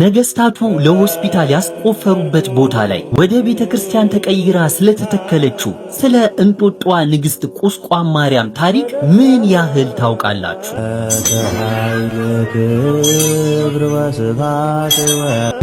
ነገስታቱ ለሆስፒታል ያስቆፈሩበት ቦታ ላይ ወደ ቤተ ክርስቲያን ተቀይራ ስለተተከለችው ስለ እንጦጧ ንግስት ቁስቋም ማርያም ታሪክ ምን ያህል ታውቃላችሁ?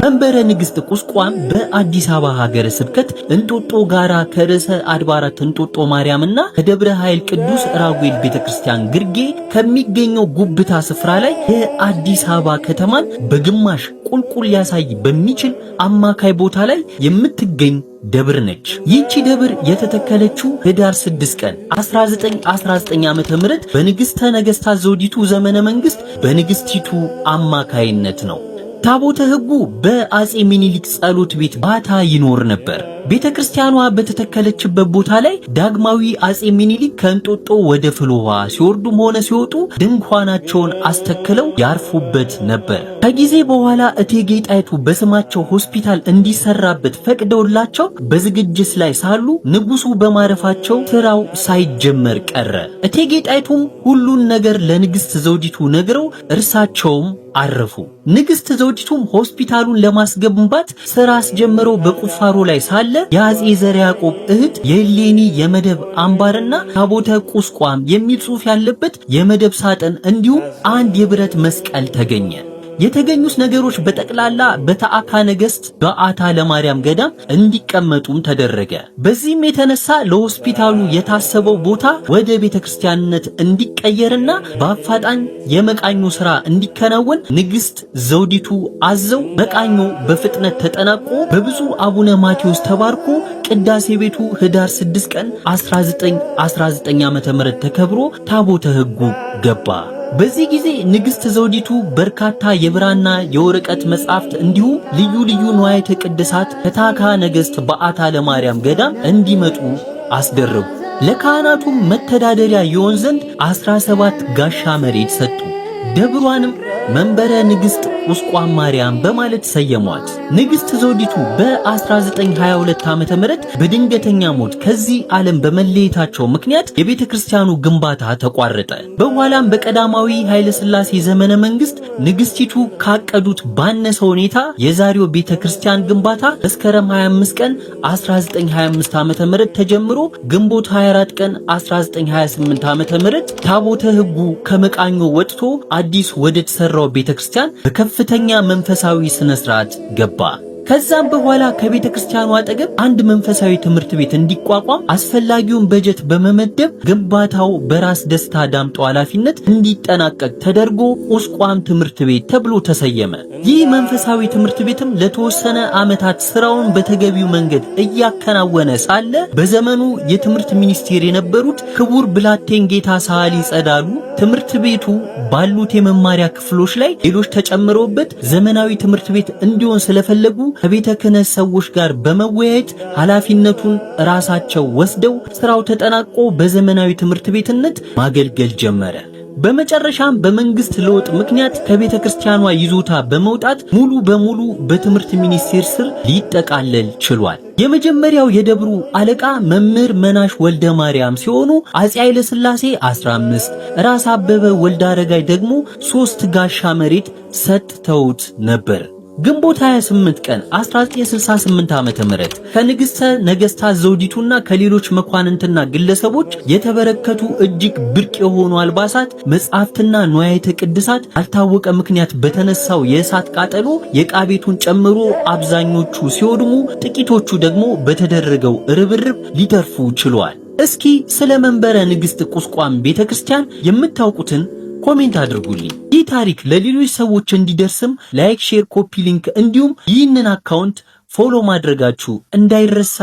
መንበረ ንግስት ቁስቋም በአዲስ አበባ ሀገረ ስብከት እንጦጦ ጋራ ከርዕሰ አድባራት እንጦጦ ማርያምና ከደብረ ኃይል ቅዱስ ራጉኤል ቤተ ክርስቲያን ግርጌ ከሚገኘው ጉብታ ስፍራ ላይ የአዲስ አበባ ከተማን በግማሽ ቁልቁል ሊያሳይ በሚችል አማካይ ቦታ ላይ የምትገኝ ደብር ነች። ይህቺ ደብር የተተከለችው ህዳር 6 ቀን 1919 ዓመተ ምህረት በንግስተ ነገስታት ዘውዲቱ ዘመነ መንግስት በንግስቲቱ አማካይነት ነው። ታቦተ ህጉ በአጼ ሚኒሊክ ጸሎት ቤት ባታ ይኖር ነበር። ቤተክርስቲያኗ በተተከለችበት ቦታ ላይ ዳግማዊ አጼ ሚኒሊክ ከእንጦጦ ወደ ፍልውሃ ሲወርዱም ሆነ ሲወጡ ድንኳናቸውን አስተክለው ያርፉበት ነበር። ከጊዜ በኋላ እቴጌ ጣይቱ በስማቸው ሆስፒታል እንዲሰራበት ፈቅደውላቸው በዝግጅት ላይ ሳሉ ንጉሱ በማረፋቸው ስራው ሳይጀመር ቀረ። እቴጌ ጣይቱም ሁሉን ነገር ለንግስት ዘውዲቱ ነግረው እርሳቸውም አረፉ። ንግስት ዘውዲቱም ሆስፒታሉን ለማስገንባት ስራ አስጀምረው በቁፋሮ ላይ ሳለ ያለ የአፄ ዘር ያዕቆብ እህት የሌኒ የመደብ አምባርና ታቦተ ቁስቋም የሚል ጽሑፍ ያለበት የመደብ ሳጥን እንዲሁም አንድ የብረት መስቀል ተገኘ። የተገኙት ነገሮች በጠቅላላ በተአካ ነገስት በአታ ለማርያም ገዳም እንዲቀመጡም ተደረገ። በዚህም የተነሳ ለሆስፒታሉ የታሰበው ቦታ ወደ ቤተ ክርስቲያንነት እንዲቀየርና በአፋጣኝ የመቃኞ ስራ እንዲከናወን ንግስት ዘውዲቱ አዘው መቃኞ በፍጥነት ተጠናቆ በብዙ አቡነ ማቴዎስ ተባርኮ ቅዳሴ ቤቱ ህዳር 6 ቀን 1919 ዓ.ም ተከብሮ ታቦተ ህጉ ገባ። በዚህ ጊዜ ንግሥት ዘውዲቱ በርካታ የብራና የወረቀት መጻሕፍት እንዲሁም ልዩ ልዩ ንዋያተ ቅድሳት ከታካ ነገሥት በዓታ ለማርያም ገዳም እንዲመጡ አስደረጉ። ለካህናቱም መተዳደሪያ ይሆን ዘንድ 17 ጋሻ መሬት ሰጡ። ደብሯንም መንበረ ንግሥት ቁስቋም ማርያም በማለት ሰየሟት። ንግሥት ዘውዲቱ በ1922 ዓመተ ምህረት በድንገተኛ ሞት ከዚህ ዓለም በመለየታቸው ምክንያት የቤተ ክርስቲያኑ ግንባታ ተቋረጠ። በኋላም በቀዳማዊ ኃይለ ሥላሴ ዘመነ መንግስት ንግሥቲቱ ካቀዱት ባነሰ ሁኔታ የዛሬው ቤተ ክርስቲያን ግንባታ መስከረም 25 ቀን 1925 ዓመተ ተጀምሮ ግንቦት 24 ቀን 1928 ዓመተ ታቦተ ሕጉ ከመቃኞ ወጥቶ አዲስ ወደ ተሰራው ቤተክርስቲያን በከፍተኛ መንፈሳዊ ስነ ስርዓት ገባ። ከዛም በኋላ ከቤተ ክርስቲያኑ አጠገብ አንድ መንፈሳዊ ትምህርት ቤት እንዲቋቋም አስፈላጊውን በጀት በመመደብ ግንባታው በራስ ደስታ ዳምጦ ኃላፊነት እንዲጠናቀቅ ተደርጎ ቁስቋም ትምህርት ቤት ተብሎ ተሰየመ። ይህ መንፈሳዊ ትምህርት ቤትም ለተወሰነ ዓመታት ስራውን በተገቢው መንገድ እያከናወነ ሳለ በዘመኑ የትምህርት ሚኒስቴር የነበሩት ክቡር ብላቴን ጌታ ሰዓሊ ጸዳሉ ትምህርት ቤቱ ባሉት የመማሪያ ክፍሎች ላይ ሌሎች ተጨምረውበት ዘመናዊ ትምህርት ቤት እንዲሆን ስለፈለጉ ከቤተ ክህነት ሰዎች ጋር በመወያየት ኃላፊነቱን ራሳቸው ወስደው ስራው ተጠናቆ በዘመናዊ ትምህርት ቤትነት ማገልገል ጀመረ። በመጨረሻም በመንግስት ለውጥ ምክንያት ከቤተ ክርስቲያኗ ይዞታ በመውጣት ሙሉ በሙሉ በትምህርት ሚኒስቴር ስር ሊጠቃለል ችሏል። የመጀመሪያው የደብሩ አለቃ መምህር መናሽ ወልደ ማርያም ሲሆኑ አጼ ኃይለ ሥላሴ 15 ራስ አበበ ወልደ አረጋይ ደግሞ ሶስት ጋሻ መሬት ሰጥተውት ነበር። ግንቦት 28 ቀን 1968 ዓመተ ምህረት ከንግሥተ ነገሥታት ዘውዲቱና ከሌሎች መኳንንትና ግለሰቦች የተበረከቱ እጅግ ብርቅ የሆኑ አልባሳት፣ መጽሐፍትና ንዋያተ ቅድሳት አልታወቀ ምክንያት በተነሳው የእሳት ቃጠሎ የዕቃ ቤቱን ጨምሮ አብዛኞቹ ሲወድሙ፣ ጥቂቶቹ ደግሞ በተደረገው ርብርብ ሊተርፉ ችሏል። እስኪ ስለ መንበረ ንግሥት ቁስቋም ቤተክርስቲያን የምታውቁትን ኮሜንት አድርጉልኝ። ይህ ታሪክ ለሌሎች ሰዎች እንዲደርስም ላይክ፣ ሼር፣ ኮፒ ሊንክ እንዲሁም ይህንን አካውንት ፎሎ ማድረጋችሁ እንዳይረሳ